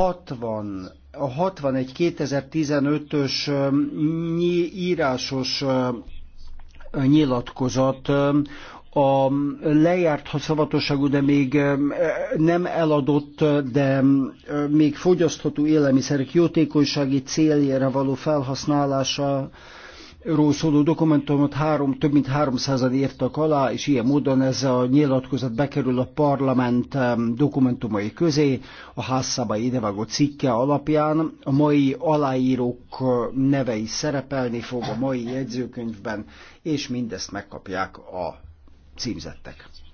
60 a 61 2015-ös írásos nyilatkozat a lejárt szavatosságú, de még nem eladott, de még fogyasztható élelmiszerek jótékonysági céljára való felhasználása ról szóló dokumentumot három, több mint 300 írtak alá, és ilyen módon ez a nyilatkozat bekerül a parlament dokumentumai közé, a házszabály idevágó cikke alapján. A mai aláírók nevei szerepelni fog a mai jegyzőkönyvben, és mindezt megkapják a címzettek.